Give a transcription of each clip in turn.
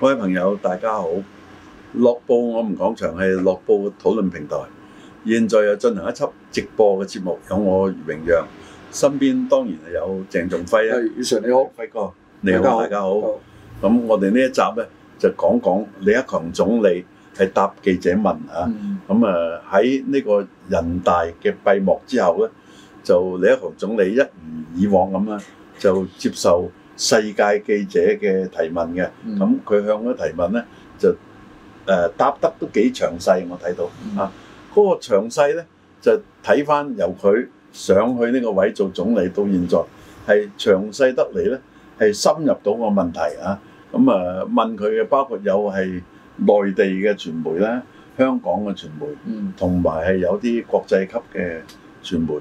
各位朋友，大家好！《樂報我們講場》係《樂報》討論平台，現在又進行一輯直播嘅節目，有我余榮陽身邊當然係有鄭仲輝啦。係，常你好，輝哥，你好，你好大家好。咁我哋呢一集呢，就講講李克強總理係答記者問啊。咁啊喺呢個人大嘅閉幕之後呢，就李克強總理一如以往咁樣，就接受世界記者嘅提問嘅，咁佢向我提問呢，就誒答得都幾詳細，我睇到啊，嗰個詳細呢就睇翻由佢上去呢個位做總理到現在，係詳細得嚟呢，係深入到個問題啊。咁啊問佢嘅包括有係內地嘅傳媒啦，香港嘅傳媒，同埋係有啲國際級嘅傳媒。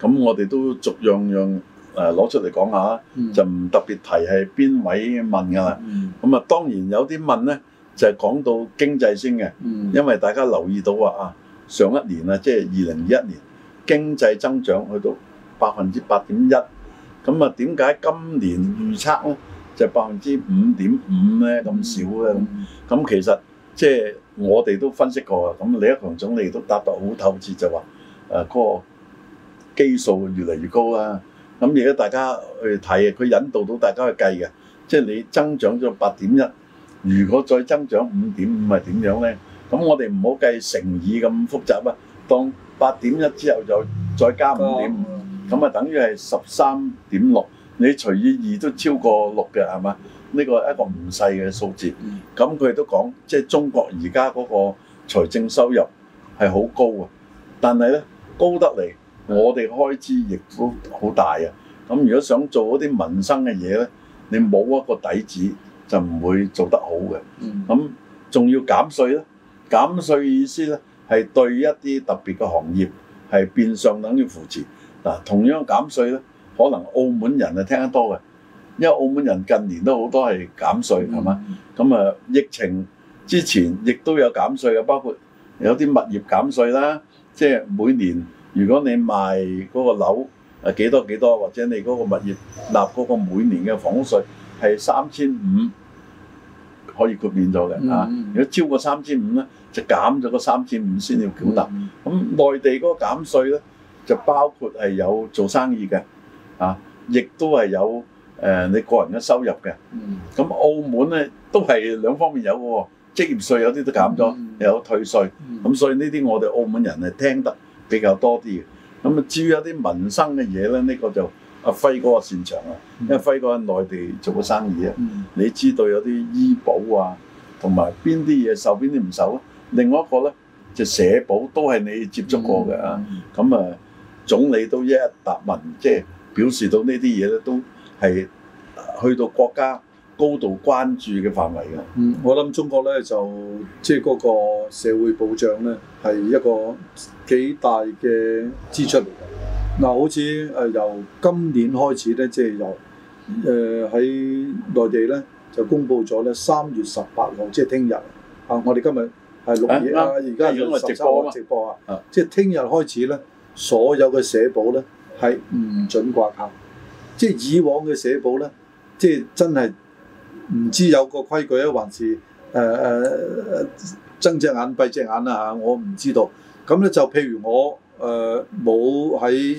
咁我哋都逐樣樣，誒攞出嚟講下，就唔特別提係邊位問㗎啦。咁啊，當然有啲問呢，就係講到經濟先嘅。因為大家留意到話啊，上一年啊，即係二零二一年，經濟增長去到百分之八點一。咁啊，點解今年預測呢就百分之五點五呢咁少呢？咁其實即係我哋都分析過啊，咁李克強總理都答得好透徹，就話誒嗰個基數越嚟越高啊。咁而家大家去睇，佢引導到大家去計嘅，即係你增長咗八點一，如果再增長五點五係點樣呢？咁我哋唔好計乘以咁複雜啊，當八點一之後就再加五點五，咁啊等於係十三點六。你除以二都超過六嘅係嘛？呢、這個一個唔細嘅數字。咁佢都講，即係中國而家嗰個財政收入係好高啊，但係呢，高得嚟。我哋開支亦都好大啊！咁如果想做嗰啲民生嘅嘢呢，你冇一個底子就唔會做得好嘅。咁仲要減稅啦。減稅意思呢，係對一啲特別嘅行業係變相等於扶持嗱。同樣減稅呢，可能澳門人係聽得多嘅，因為澳門人近年都好多係減稅係嘛。咁、嗯、啊，疫情之前亦都有減稅嘅，包括有啲物業減稅啦，即係每年。如果你賣嗰個樓係幾多幾多，或者你嗰個物業納嗰個每年嘅房屋稅係三千五，可以豁免咗嘅嚇。如果超過三千五咧，就減咗嗰三千五先要繳納。咁內地嗰個減稅咧，就包括係有做生意嘅嚇，亦都係有誒你個人嘅收入嘅。咁澳門咧都係兩方面有喎，職業稅有啲都減咗，有退稅。咁所以呢啲我哋澳門人係聽得比較多啲嘅，咁啊至於有啲民生嘅嘢咧，呢、呢個就阿輝哥啊擅長啊，因為輝哥喺內地做過生意啊，你知道有啲醫保啊，同埋邊啲嘢受邊啲唔受啊？另外一個咧就係、社保都係你接觸過嘅、嗯嗯、啊，咁啊總理都一一答問，即、就、係、係、表示到呢啲呢啲嘢咧都係去到國家。高度關注嘅範圍嘅，嗯，我諗中國咧就即係嗰個社會保障咧係一個幾大嘅支出嚟嘅。嗱、嗯，好似誒、呃、由今年開始咧，即、就、係、是、由誒喺、呃、內地咧就公布咗咧，三月十八號，即係聽日啊，我哋今日係錄嘢啊，而家要直播、啊、直播啊，即係聽日開始咧，所有嘅社保咧係唔准掛靠、嗯，即係以往嘅社保咧，即、就、係、是、真係。唔知有個規矩咧，還是誒誒、呃、睜隻眼閉隻眼啦嚇，我唔知道。咁咧就譬如我誒冇喺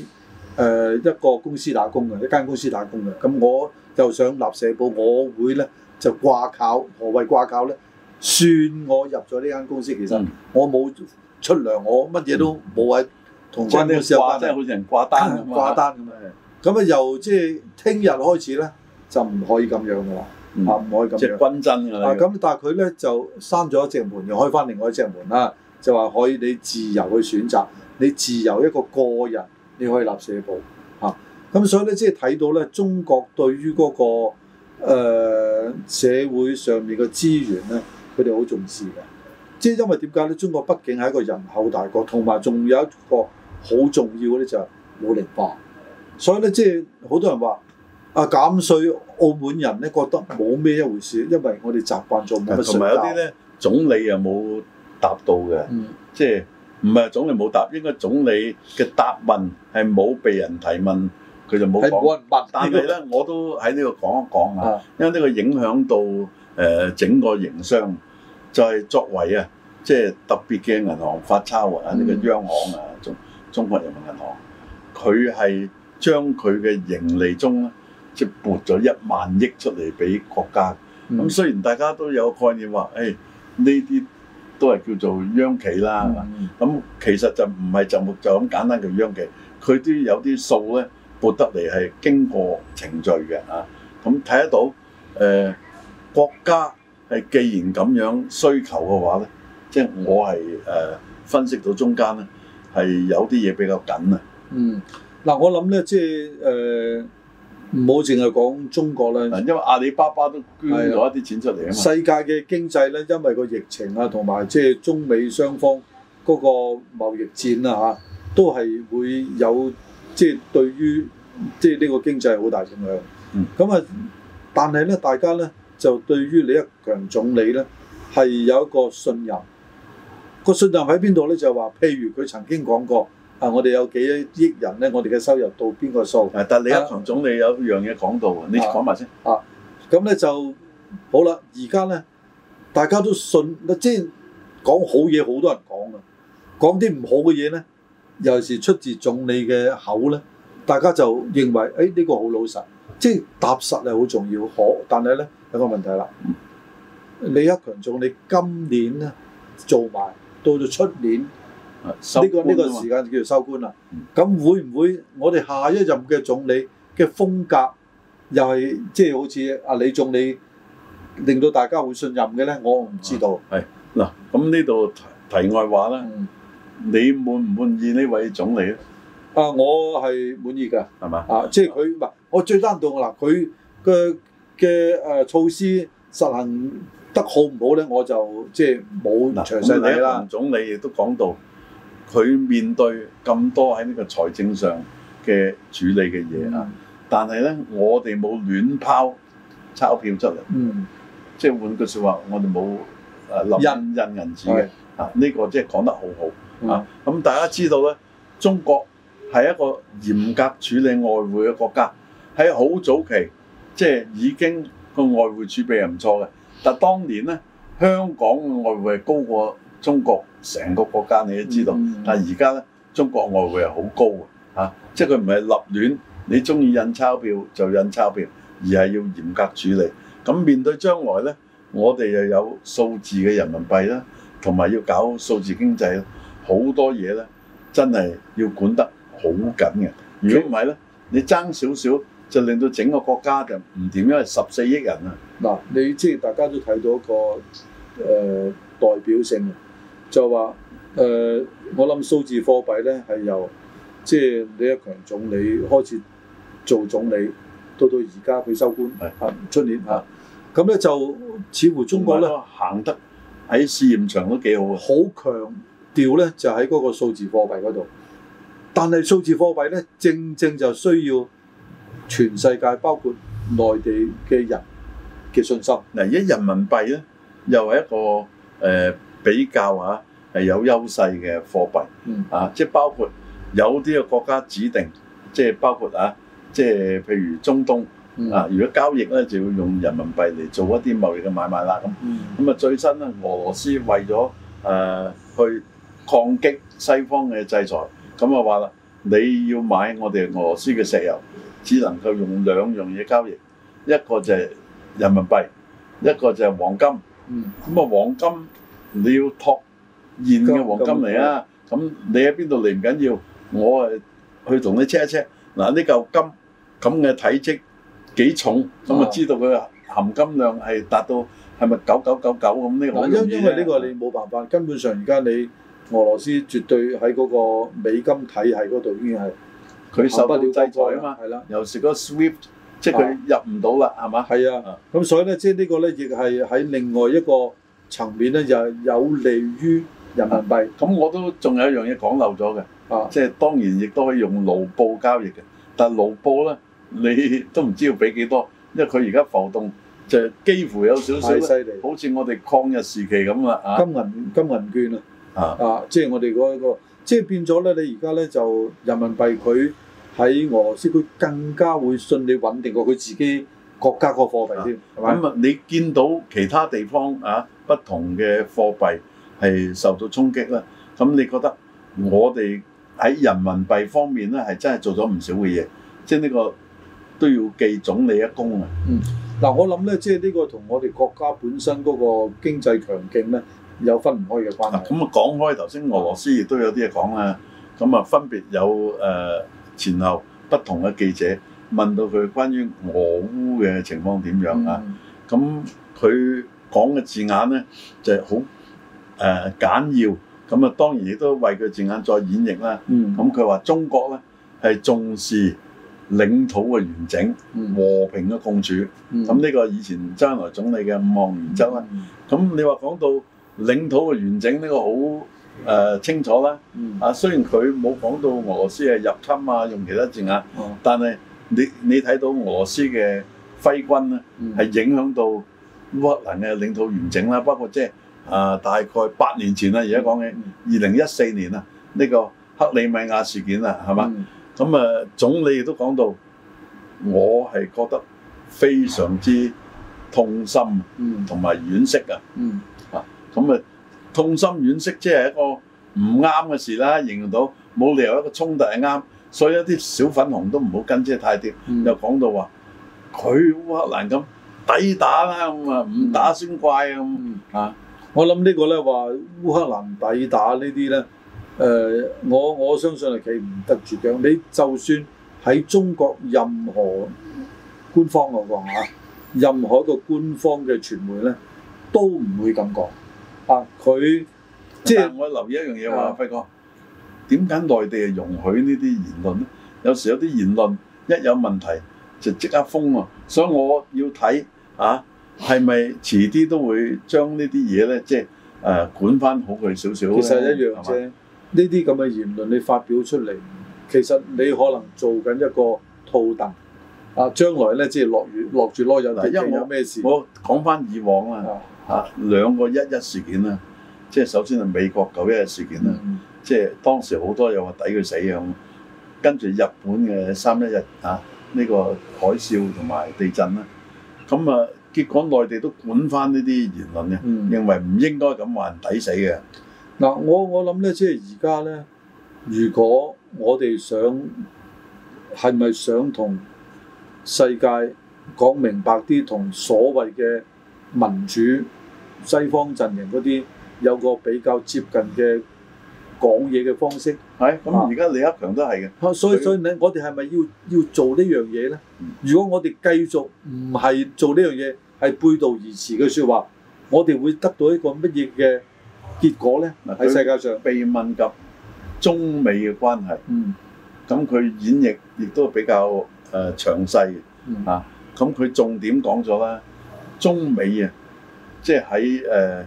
誒一個公司打工嘅，一間公司打工嘅。咁、嗯、我又想立社保，我會咧就掛靠。何謂掛靠咧？算我入咗呢間公司、嗯。其實我冇出糧，我乜嘢都冇喺同間公司有關係，即係好似人掛單、嗯，掛單咁啊！咁啊，由即係聽日開始咧，就唔可以咁樣噶啦。嗯、啊！唔可以咁，即係均真的啊！咁但係佢咧就閂咗一隻門，又開翻另外一隻門啦，就話可以你自由去選擇，你自由一個個人你可以立社保嚇。咁、啊、所以咧，即係睇到咧，中國對於嗰、那個、呃、社會上面嘅資源咧，佢哋好重視嘅。即係因為點解咧？中國畢竟係一個人口大國，同埋仲有一個好重要嘅咧就係老齡化。所以咧，即係好多人話。啊減稅，澳門人咧覺得冇咩一回事，因為我哋習慣咗冇乜稅減。同埋有啲咧，總理又冇答到嘅，即係唔係總理冇答？應該總理嘅答問係冇被人提問，佢就冇講。冇人問，但係咧，我都喺呢度講一講啊，因為呢個影響到誒整個營商，就係作為啊，即係特別嘅銀行發鈔啊，呢個央行啊，中中國人民銀行，佢係將佢嘅盈利中咧。即、就、係、是、撥咗一萬億出嚟俾國家，咁雖然大家都有個概念話，誒呢啲都係叫做央企啦，咁、嗯、其實就唔係就就咁簡單嘅央企，佢都有啲數咧撥得嚟係經過程序嘅嚇，咁睇得到誒、呃、國家係既然咁樣需求嘅話咧，即、就、係、是、我係誒、呃、分析到中間咧係有啲嘢比較緊啊。嗯，嗱我諗咧即係誒。呃唔好淨係講中國啦，因為阿里巴巴都捐咗一啲錢出嚟啊嘛。世界嘅經濟咧，因為個疫情啊，同埋即係中美雙方嗰個貿易戰啊，嚇都係會有即係、就是、對於即係呢個經濟好大影響。咁、嗯、啊，但係咧，大家咧就對於李克強總理咧係有一個信任。個信任喺邊度咧？就係、是、話，譬如佢曾經講過。啊、我哋有幾億人咧，我哋嘅收入到邊個數？啊！但李克強總理有一樣嘢講到啊，你講埋先啊。咁、啊、咧就好啦。而家咧，大家都信即係講好嘢，好多人講嘅。講啲唔好嘅嘢咧，尤其是出自總理嘅口咧，大家就認為誒呢、哎呢個好老實，即係踏實係好重要。可但係咧有個問題啦、嗯，李克強總理今年咧做埋到到出年。呢、這個呢、這個時間叫做收官啦。咁、嗯、會唔會我哋下一任嘅總理嘅風格又係即係好似阿李總理令到大家會信任嘅咧？我唔知道。係、啊、嗱，咁呢度題外話啦、嗯。你滿唔滿意呢位總理咧？啊，我係滿意㗎。係嘛？啊，即係佢唔係我最擔當啦。佢嘅嘅誒措施實行得好唔好咧？我就即係冇詳細睇啦。就是啊、總理亦都講到。佢面對咁多喺呢個財政上嘅處理嘅嘢啊，但係呢，我哋冇亂拋鈔票出嚟，嗯，即係換句説話，我哋冇誒印印銀紙嘅啊，呢個即係講得好好啊。咁、這個嗯啊嗯嗯、大家知道呢，中國係一個嚴格處理外匯嘅國家，喺好早期即係、就是、已經個外匯儲備係唔錯嘅，但係當年呢，香港嘅外匯係高過。中國成個國家你都知道，嗯、但而家呢，中國外匯係好高啊。即係佢唔係立亂，你中意印鈔票就印鈔票，而係要嚴格處理。咁面對將來呢，我哋又有數字嘅人民幣啦，同、啊、埋要搞數字經濟啦，好多嘢呢，真係要管得好緊嘅。如果唔係呢，你爭少少就令到整個國家就唔掂，因為十四億人啊！嗱，你即係大家都睇到一個、呃、代表性。就話誒、呃，我諗數字貨幣咧係由即係李克強總理開始做總理，到到而家佢收官，係出年嚇。咁咧就似乎中國咧行得喺試驗場都幾好。好強調咧就喺嗰個數字貨幣嗰度，但係數字貨幣咧正正就需要全世界包括內地嘅人嘅信心。嗱，而家人民幣咧又係一個誒。呃比較啊，係有優勢嘅貨幣，嗯，啊，即係包括有啲嘅國家指定，即係包括啊，即係譬如中東、嗯、啊，如果交易咧就要用人民幣嚟做一啲貿易嘅買賣啦，咁咁啊最新咧，俄羅斯為咗誒、呃、去抗擊西方嘅制裁，咁啊話啦，你要買我哋俄羅斯嘅石油，只能夠用兩樣嘢交易，一個就係人民幣，一個就係黃金，咁、嗯、啊黃金。你要托現嘅黃金嚟啊！咁你喺邊度嚟唔緊要緊，我係去同你 check 一 check 嗱，呢、啊、嚿金咁嘅體積幾重，咁啊那就知道佢含金量係達到係咪九九九九咁呢？我因為呢個你冇辦法、啊，根本上而家你俄羅斯絕對喺嗰個美金體系嗰度已經係佢受不了的制裁啊嘛，係啦，尤其個 SWIFT，即佢入唔到啦，係嘛？係啊，咁、啊啊啊、所以咧，即、這、係、個、呢個咧，亦係喺另外一個。層面咧又、就是、有利於人民幣，咁我都仲有一樣嘢講漏咗嘅，啊，即、啊、係、啊啊啊就是、當然亦都可以用盧布交易嘅，但係盧布咧你都唔知要俾幾多，因為佢而家浮動就是、幾乎有少少，太犀利，好似我哋抗日時期咁啊，金銀金銀券啊，啊，即、就、係、是、我哋嗰、那個，即、就、係、是、變咗咧，你而家咧就人民幣佢喺俄羅斯佢更加會信你穩定過佢自己國家個貨幣添，咁啊，啊你見到其他地方啊？不同嘅貨幣係受到衝擊啦，咁你覺得我哋喺人民幣方面咧，係真係做咗唔少嘅嘢，即係呢個都要記總理一功啊！嗯，嗱、呃、我諗咧，即係呢個同我哋國家本身嗰個經濟強勁咧，有分唔開嘅關係。咁啊，講開頭先，嗯嗯嗯、俄羅斯亦都有啲嘢講啊，咁、嗯、啊、嗯、分別有誒、呃、前後不同嘅記者問到佢關於俄烏嘅情況點樣啊，咁、嗯、佢。啊嗯嗯講嘅字眼呢，就係好誒簡要，咁啊當然亦都為佢字眼再演繹啦。咁佢話中國呢，係重視領土嘅完整、嗯、和平嘅共處。咁、嗯、呢個以前周恩來總理嘅五項原則咧，咁、嗯、你話講到領土嘅完整呢個好誒、呃、清楚啦、嗯。啊，雖然佢冇講到俄羅斯係入侵啊，用其他字眼，哦、但係你你睇到俄羅斯嘅揮軍呢，係、嗯、影響到。烏克蘭嘅領土完整啦，不過即係啊，大概八年前啦，而家講起二零一四年啊，呢、嗯這個克里米亞事件啊，係嘛？咁、嗯、啊、嗯，總理亦都講到，我係覺得非常之痛心同埋、嗯嗯、惋惜啊、嗯。啊，咁、嗯、啊、嗯，痛心惋惜即係一個唔啱嘅事啦，形容到冇理由一個衝突係啱，所以一啲小粉紅都唔好跟即車太貼、嗯。又講到話佢烏克蘭咁。抵打啦咁啊，唔打先怪啊！啊、嗯，我諗呢個咧話烏克蘭抵打呢啲咧，誒、呃，我我相信係企唔得住嘅。你就算喺中國任何官方嘅話吓，任何一個官方嘅傳媒咧，都唔會咁講啊。佢即係我留意一樣嘢，話輝哥點解內地啊容許呢啲言論咧？有時有啲言論一有問題就即刻封啊，所以我要睇。啊，係咪遲啲都會將呢啲嘢咧，即係誒管翻好佢少少？其實一樣啫。呢啲咁嘅言論你發表出嚟，其實你可能做緊一個套戥。啊，將來咧即係落雨落住攞有地震有咩事？我講翻以往啊，嚇兩個一一事件啊，即係首先係美國九一一事件啊，即係當時好多人有話抵佢死啊咁。跟住日本嘅三一日嚇呢、啊這個海嘯同埋地震啦。咁啊，結果內地都管返呢啲言論咧，認為唔應該咁話人抵死嘅。嗱、嗯，我我諗咧，即係而家咧，如果我哋想係咪想同世界講明白啲，同所謂嘅民主西方陣營嗰啲有個比較接近嘅？講嘢嘅方式係咁，而家、嗯、李克強都係嘅。所以所以我哋係咪要要做呢樣嘢咧？如果我哋繼續唔係做呢樣嘢，係背道而馳嘅說話，嗯、我哋會得到一個乜嘢嘅結果咧？喺世界上被問及中美嘅關係，咁、嗯、佢演繹亦都比較誒詳細、嗯、啊。咁佢重點講咗啦，中美、即係呃、啊，即係喺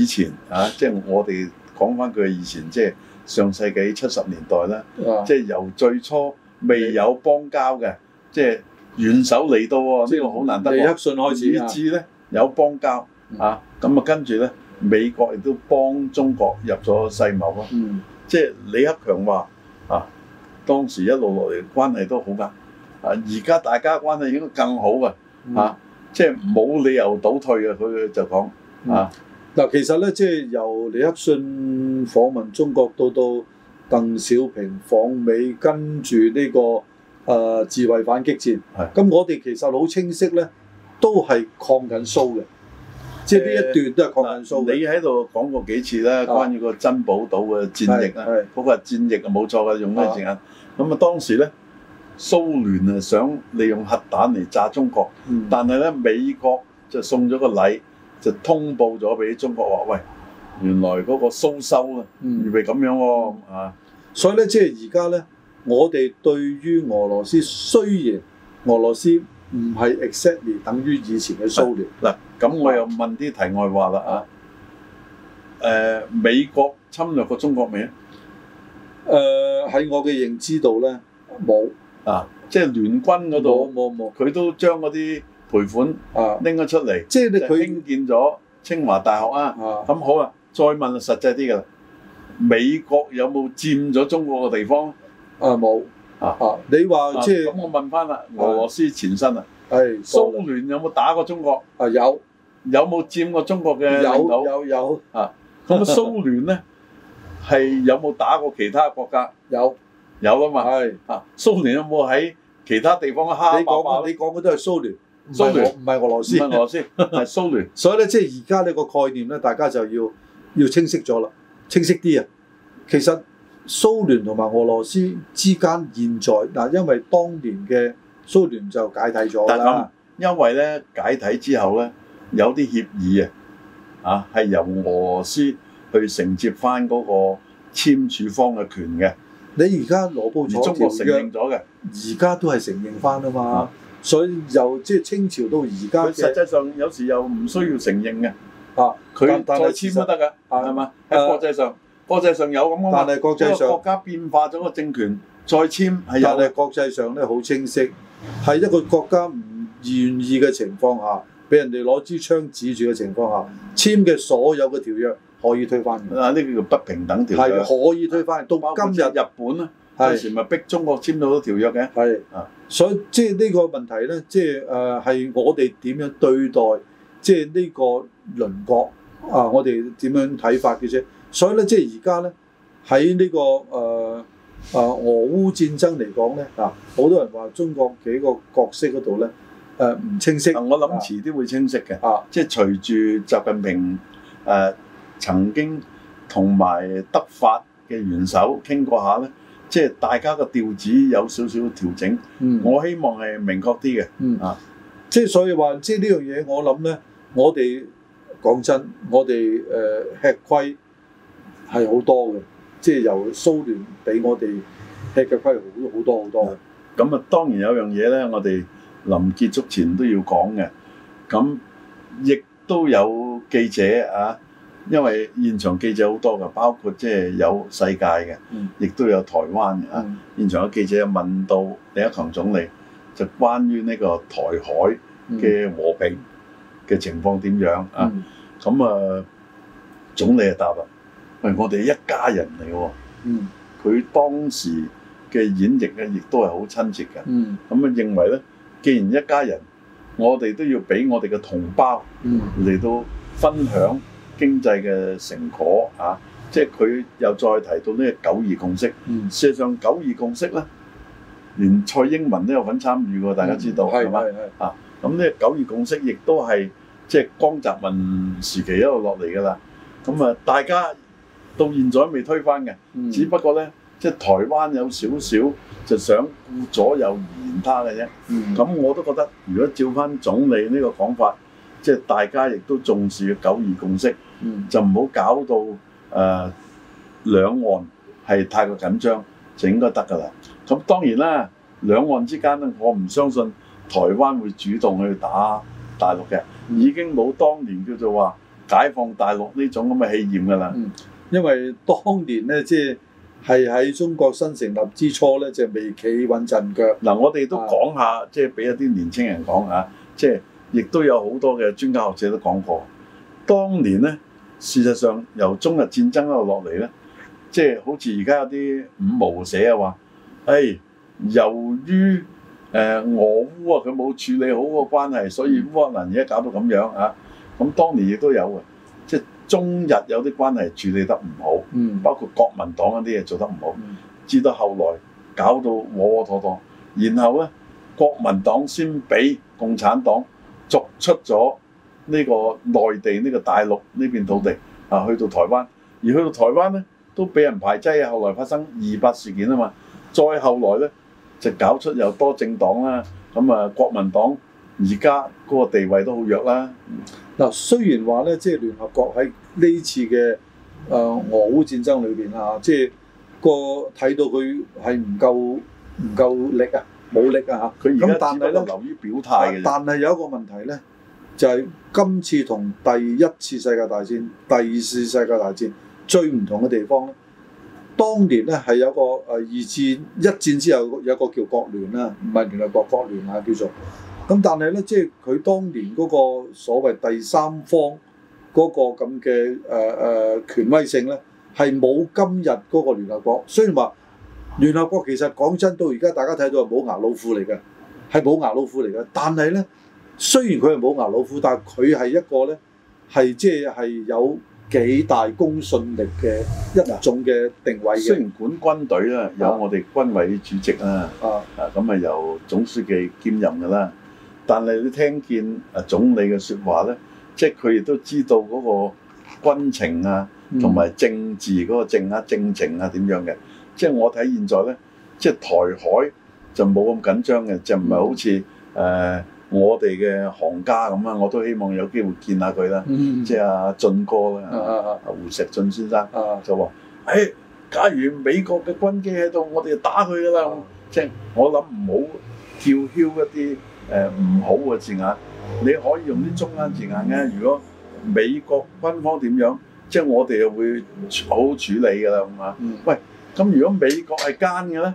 以前啊，即係我哋。講翻佢以前即係、就是、上世紀七十年代啦，即、啊、係、就是、由最初未有邦交嘅、就是，即係元首嚟到呢個好難得。李克信開始啦，有邦交啊，咁啊跟住咧，美國亦都幫中國入咗世貿啊，即、嗯、係、就是、李克強話啊，當時一路落嚟關係都好噶，啊而家大家關係應該更好啊，即係冇理由倒退嘅啊，佢就講啊。嗱，其實咧，即係由尼克遜訪問中國到到鄧小平訪美，跟住呢、這個誒、呃、自衛反擊戰，咁我哋其實好清晰咧，都係抗緊蘇嘅，即係呢一段都係抗緊蘇、呃。你喺度講過幾次咧，關於個珍寶島嘅戰役啦，嗰個戰役冇錯嘅，用咩字眼？咁啊，當時咧蘇聯啊想利用核彈嚟炸中國，嗯、但係咧美國就送咗個禮。就通報咗俾中國話，喂，原來嗰個蘇修啊，以為咁樣喎，啊！所以咧，即係而家咧，我哋對於俄羅斯，雖然俄羅斯唔係 exactly 等於以前嘅蘇聯，嗱，咁我又問啲題外話啦，啊，誒，美國侵略過中國未啊？誒，喺我嘅認知度咧，冇啊，即係聯軍嗰度，冇冇冇，佢都將嗰啲。賠款拎咗出嚟、啊，即係佢、就是、興建咗清華大學啊。咁、啊啊、好啊，再問實際啲㗎啦。美國有冇佔咗中國嘅地方？啊冇啊。你話即係咁，啊、我問翻啦。俄羅斯前身啊，係蘇聯有冇打過中國？啊有，有冇佔過中國嘅領土？有有有啊。咁蘇聯咧係 有冇打過其他國家？有有㗎嘛。係啊，蘇聯有冇喺其他地方蝦蝦霸霸？你講嘅都係蘇聯。蘇聯唔係俄羅斯，唔係俄羅斯，係 蘇聯。所以咧，即係而家呢個概念咧，大家就要要清晰咗啦，清晰啲啊！其實蘇聯同埋俄羅斯之間現在嗱，因為當年嘅蘇聯就解體咗啦。因為咧解體之後咧，有啲協議啊，啊係由俄羅斯去承接翻嗰個簽署方嘅權嘅。你而家攞報紙，中國承認咗嘅，而家都係承認翻啊嘛。所以由即係清朝到而家，佢實際上有時又唔需要承認嘅，嚇、啊、佢。但係簽都得㗎，係嘛？喺、啊、國際上，啊、國際上有咁，但係國際上，個國家變化咗個政權再簽，再簽係人哋國際上咧好清晰。係一,一個國家唔願意嘅情況下，俾人哋攞支槍指住嘅情況下，簽嘅所有嘅條約可以推翻啊，呢個叫不平等條約。可以推翻到今日日本咧。係咪逼中國簽到嗰條約嘅？係啊，所以即係呢個問題咧，即係誒係我哋點樣對待，即係呢個鄰國啊，我哋點樣睇法嘅啫。所以咧，即係而家咧喺呢、這個誒誒、呃呃、俄烏戰爭嚟講咧，啊，好多人話中國幾個角色嗰度咧誒唔清晰。呃、我諗遲啲會清晰嘅，啊，即係隨住習近平誒、呃、曾經同埋德法嘅元首傾過下咧。嗯呢即係大家個調子有少少調整，我希望係明確啲嘅。啊，即係所以話，即係呢樣嘢，我諗咧，我哋講真，我哋誒吃虧係好多嘅。即係由蘇聯俾我哋吃嘅虧，好多好多。咁啊，當然有樣嘢咧，我哋臨結束前都要講嘅。咁亦都有記者啊。因為現場記者好多㗎，包括即係有世界嘅，亦、嗯、都有台灣嘅。啊、嗯，現場嘅記者問到李克強總理，就關於呢個台海嘅和平嘅情況點樣、嗯、啊？咁、嗯、啊，總理就答啊，喂、哎，我哋一家人嚟喎、哦。嗯。佢當時嘅演説演繹咧，亦都係好親切嘅。嗯。咁啊，認為咧，既然一家人，我哋都要俾我哋嘅同胞嚟到分享。經濟嘅成果啊，即係佢又再提到呢個九二共識。嗯、事實上九二共識咧，連蔡英文都有份參與㗎，大家知道係嘛、嗯？啊，咁呢個九二共識亦都係即係江澤民時期一路落嚟㗎啦。咁啊，大家到現在未推翻嘅、嗯，只不過咧，即係台灣有少少就想顧左右而言他嘅啫。咁、嗯、我都覺得，如果照翻總理呢個講法，即係大家亦都重視嘅九二共識，嗯、就唔好搞到誒、呃、兩岸係太過緊張，整應得㗎啦。咁當然啦，兩岸之間咧，我唔相信台灣會主動去打大陸嘅，已經冇當年叫做話解放大陸呢種咁嘅氣焰㗎啦。因為當年咧，即係係喺中國新成立之初咧，就未企穩陣腳。嗱、嗯嗯，我哋都講下，即係俾一啲年青人講下。即係。亦都有好多嘅專家學者都講過，當年呢，事實上由中日戰爭嗰度落嚟呢，即係好似而家有啲五毛寫啊話，誒、哎、由於誒、呃、俄烏啊佢冇處理好個關係，所以烏克蘭而家搞到咁樣嚇。咁、啊、當年亦都有嘅，即係中日有啲關係處理得唔好，嗯，包括國民黨嗰啲嘢做得唔好，至、嗯、到後來搞到渾渾噩噩，然後呢，國民黨先俾共產黨。逐出咗呢個內地呢個大陸呢片土地啊，去到台灣，而去到台灣呢，都俾人排擠啊。後來發生二八事件啊嘛，再後來呢，就搞出有多政黨啦。咁啊，國民黨而家嗰個地位都好弱啦。嗱，雖然話呢，即係聯合國喺呢次嘅誒俄烏戰爭裏邊啊，即係個睇到佢係唔夠唔夠力啊。冇力啊！佢而家只係流於表態。但係有一個問題咧，就係今次同第一次世界大戰、第二次世界大戰最唔同嘅地方咧，當年咧係有個誒二戰、一戰之後有一個叫國聯啦，唔係聯合國國聯啊，叫做。咁但係咧，即係佢當年嗰個所謂第三方嗰個咁嘅誒誒權威性咧，係冇今日嗰個聯合國。雖然話。聯合國其實講真，到而家大家睇到係冇牙老虎嚟嘅，係冇牙老虎嚟嘅。但係咧，雖然佢係冇牙老虎，但係佢係一個咧，係即係係有幾大公信力嘅一種嘅定位，啊。雖然管軍隊啦，有我哋軍委主席啦，啊咁啊由總書記兼任㗎啦，但係你聽見啊總理嘅說話咧，即係佢亦都知道嗰個軍情啊，同埋政治嗰、嗯嗰個政啊政情啊點樣嘅。即係我睇現在咧，即係台海就冇咁緊張嘅，就唔係好似誒、呃、我哋嘅行家咁啦。我都希望有機會見下佢啦、嗯。即係阿進哥啊，胡錫進先生、啊、就話：誒、哎，假如美國嘅軍機喺度，我哋就打佢噶啦。即、嗯、係我諗唔、呃、好叫囂一啲誒唔好嘅字眼，你可以用啲中間字眼嘅。如果美國軍方點樣，即係我哋又會好好處理噶啦，咁、嗯、啊，喂。咁如果美國係奸嘅咧，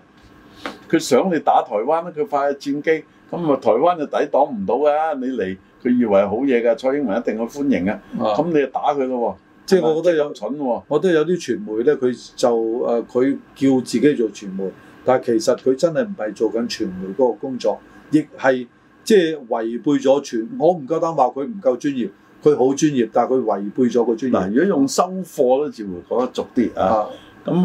佢想你打台灣咧，佢派戰機，咁啊台灣就抵擋唔到㗎。你嚟，佢以為係好嘢㗎，蔡英文一定去歡迎㗎。咁你就打佢咯，即係、就是、我覺得有蠢喎。我覺得有啲傳媒咧，佢就誒佢、呃、叫自己做傳媒，但係其實佢真係唔係做緊傳媒嗰個工作，亦係即係違背咗傳。我唔夠膽話佢唔夠專業，佢好專業，但係佢違背咗個專業、啊。如果用收貨咧，自會講得俗啲啊，咁。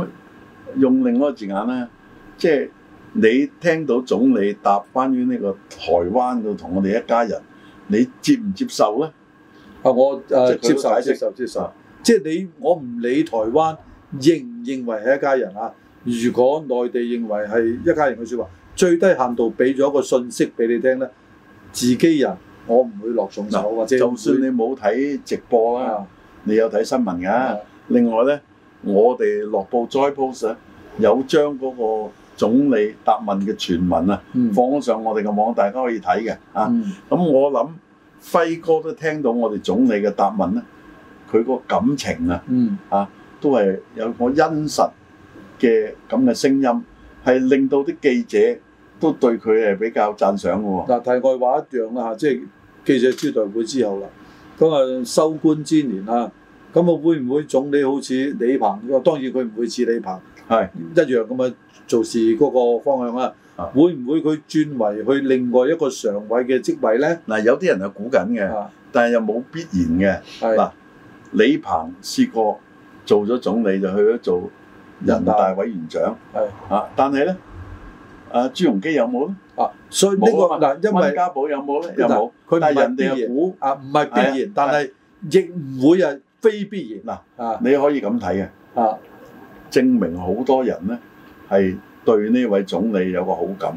用另外一個字眼咧，即係你聽到總理答關於呢個台灣度同我哋一家人，你接唔接受咧？啊，我誒、啊就是、接受，接受，接受。即係你，我唔理台灣認唔認為係一家人啊。如果內地認為係一家人嘅説話，最低限度俾咗一個信息俾你聽咧，自己人我唔會落重手，或、啊、者就算你冇睇直播啦、啊，你有睇新聞㗎、啊啊。另外咧。我哋落部再 post 咧，有將嗰個總理答問嘅全文啊，放上我哋嘅網，大家可以睇嘅啊。咁我諗輝哥都聽到我哋總理嘅答問咧，佢個感情啊，啊都係有個殷實嘅咁嘅聲音，係令到啲記者都對佢係比較讚賞嘅喎。嗱，題外話一樣啦嚇，即係記者招待會之後啦，今日收官之年啦。咁啊，會唔會總理好似李鵬？當然佢唔會似李鵬，係一樣咁啊，做事嗰個方向啊，會唔會佢轉為去另外一個常委嘅職位咧？嗱、啊，有啲人係估緊嘅，但係又冇必然嘅。嗱、啊，李鵬試過做咗總理就去咗做人大委員長，啊，但係咧，阿、啊、朱鎔基有冇咧？啊，所以呢、呢個嗱、啊，因為溫家寶有冇咧有？冇，佢唔係人哋估啊，唔係必然，啊必然啊、但係亦唔會啊。非必然嗱、啊，你可以咁睇嘅，啊，證明好多人咧係對呢位總理有個好感，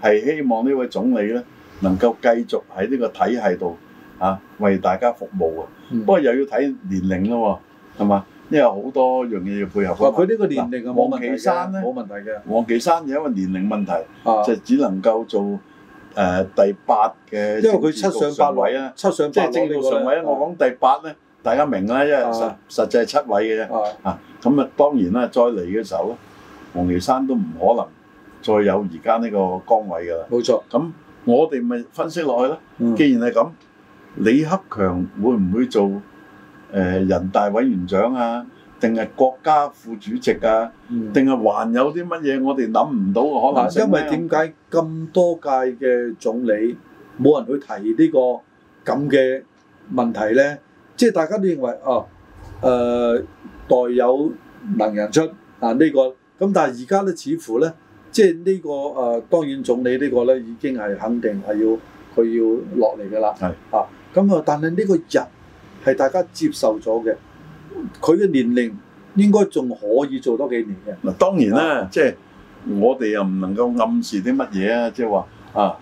係、嗯、希望呢位總理咧能夠繼續喺呢個體系度啊為大家服務啊、嗯。不過又要睇年齡咯喎，係嘛？因為好多樣嘢要配合、啊。佢呢個年齡嘅、啊，王岐山咧冇問題嘅。王岐山因為年齡問題、啊，就只能夠做誒、呃、第八嘅。因為佢七上八上位啊，七上即係政治局上位啊。我講第八咧。大家明啦，因為實實際係七位嘅啫，啊咁啊當然啦，再嚟嘅時候咧，王岐山都唔可能再有而家呢個崗位噶啦。冇錯，咁我哋咪分析落去咯。既然係咁，李克強會唔會做誒人大委員長啊？定係國家副主席啊？定係還有啲乜嘢我哋諗唔到嘅可能？因為點解咁多屆嘅總理冇人去提呢個咁嘅問題咧？即係大家都認為哦，誒、呃、代有能人出啊呢、這個，咁但係而家咧似乎咧，即係、這、呢個誒、呃、當然總理呢個咧已經係肯定係要佢要落嚟㗎啦。係啊，咁啊，但係呢個人係大家接受咗嘅，佢嘅年齡應該仲可以做多幾年嘅。嗱，當然啦，即、啊、係、就是、我哋又唔能夠暗示啲乜嘢啊，即係話啊。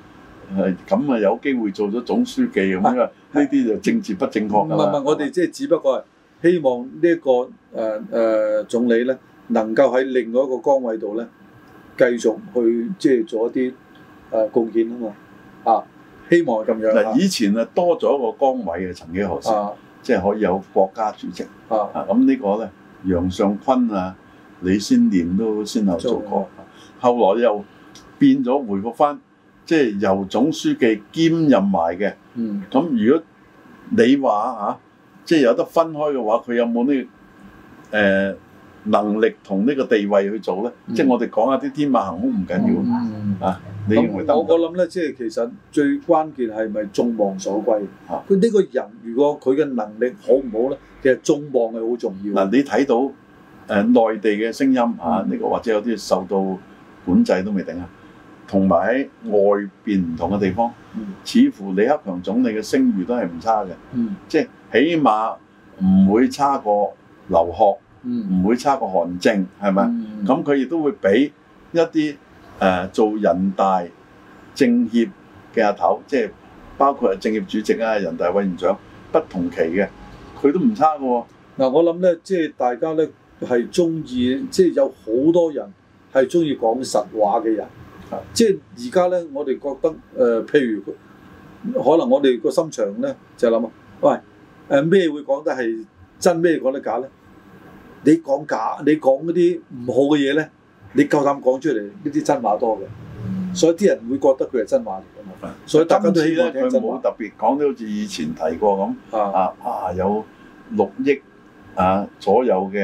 係咁啊！有機會做咗總書記咁啊！呢啲、啊、就政治不正確啦。唔係唔係，我哋即係只不過係希望呢、這、一個誒誒、呃、總理咧，能夠喺另外一個崗位度咧，繼續去即係做一啲誒貢獻啊嘛啊！希望咁樣。嗱，以前啊多咗一個崗位曾經啊，曾幾何時，即係可以有國家主席啊。咁、啊、呢個咧，楊尚昆啊、李先念都先後做過、啊啊，後來又變咗回復返。即、就、係、是、由總書記兼任埋嘅，咁、嗯、如果你話嚇，即、啊、係、就是、有得分開嘅話，佢有冇呢誒能力同呢個地位去做咧？即、嗯、係、就是、我哋講下啲天馬行空唔緊要、嗯嗯、啊，你認為？但我我諗咧，即、就、係、是、其實最關鍵係咪眾望所歸？佢、啊、呢個人如果佢嘅能力好唔好咧？其實眾望係好重要。嗱、啊，你睇到誒、呃、內地嘅聲音啊，呢、嗯啊呢個或者有啲受到管制都未定啊。和外面不同埋喺外邊唔同嘅地方，似乎李克強總理嘅聲譽都係唔差嘅、嗯，即係起碼唔會差過劉鶴，唔、嗯、會差過韓正，係咪？咁佢亦都會俾一啲誒、呃、做人大政協嘅阿頭，即係包括係政協主席啊、人大委員長不同期嘅，佢都唔差嘅喎。嗱、嗯，我諗咧，即、就、係、是、大家咧係中意，即係、就是、有好多人係中意講實話嘅人。即係而家咧，我哋覺得誒、呃，譬如可能我哋個心腸咧就係諗啊，喂誒咩、呃、會講得係真？咩講得假咧？你講假，你講嗰啲唔好嘅嘢咧，你夠膽講出嚟？呢啲真話多嘅，所以啲人會覺得佢係真話嚟㗎嘛。所以大家今次咧，佢冇特別講得好似以前提過咁、嗯、啊啊有六億啊左右嘅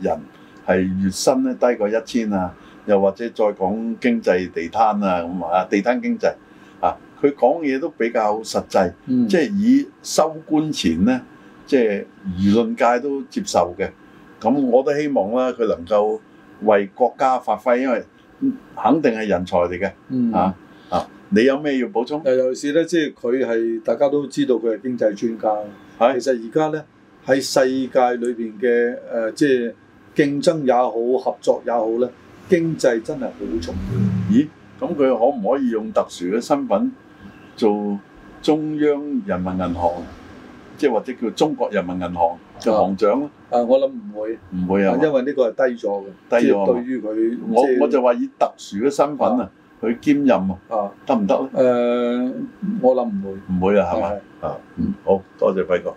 人係月薪咧低過一千啊。又或者再講經濟地攤啊咁啊，地攤經濟啊，佢講嘢都比較實際，嗯、即係以收官前咧，即係輿論界都接受嘅。咁我都希望啦，佢能夠為國家發揮，因為肯定係人才嚟嘅。嚇、嗯、嚇、啊，你有咩要補充？尤其是咧，即係佢係大家都知道佢係經濟專家。嚇、其實而家咧喺世界裏邊嘅誒，即係競爭也好，合作也好咧。經濟真係好重要。咦？咁佢可唔可以用特殊嘅身份做中央人民銀行，即係或者叫中國人民銀行嘅行長咧？啊，我諗唔會，唔會啊，因為呢個係低咗嘅。低咗對於佢，我我就話以特殊嘅身份啊，去、啊、兼任啊，得唔得咧？誒，我諗唔會，唔會啊，係咪？啊，嗯、呃，好多謝輝哥。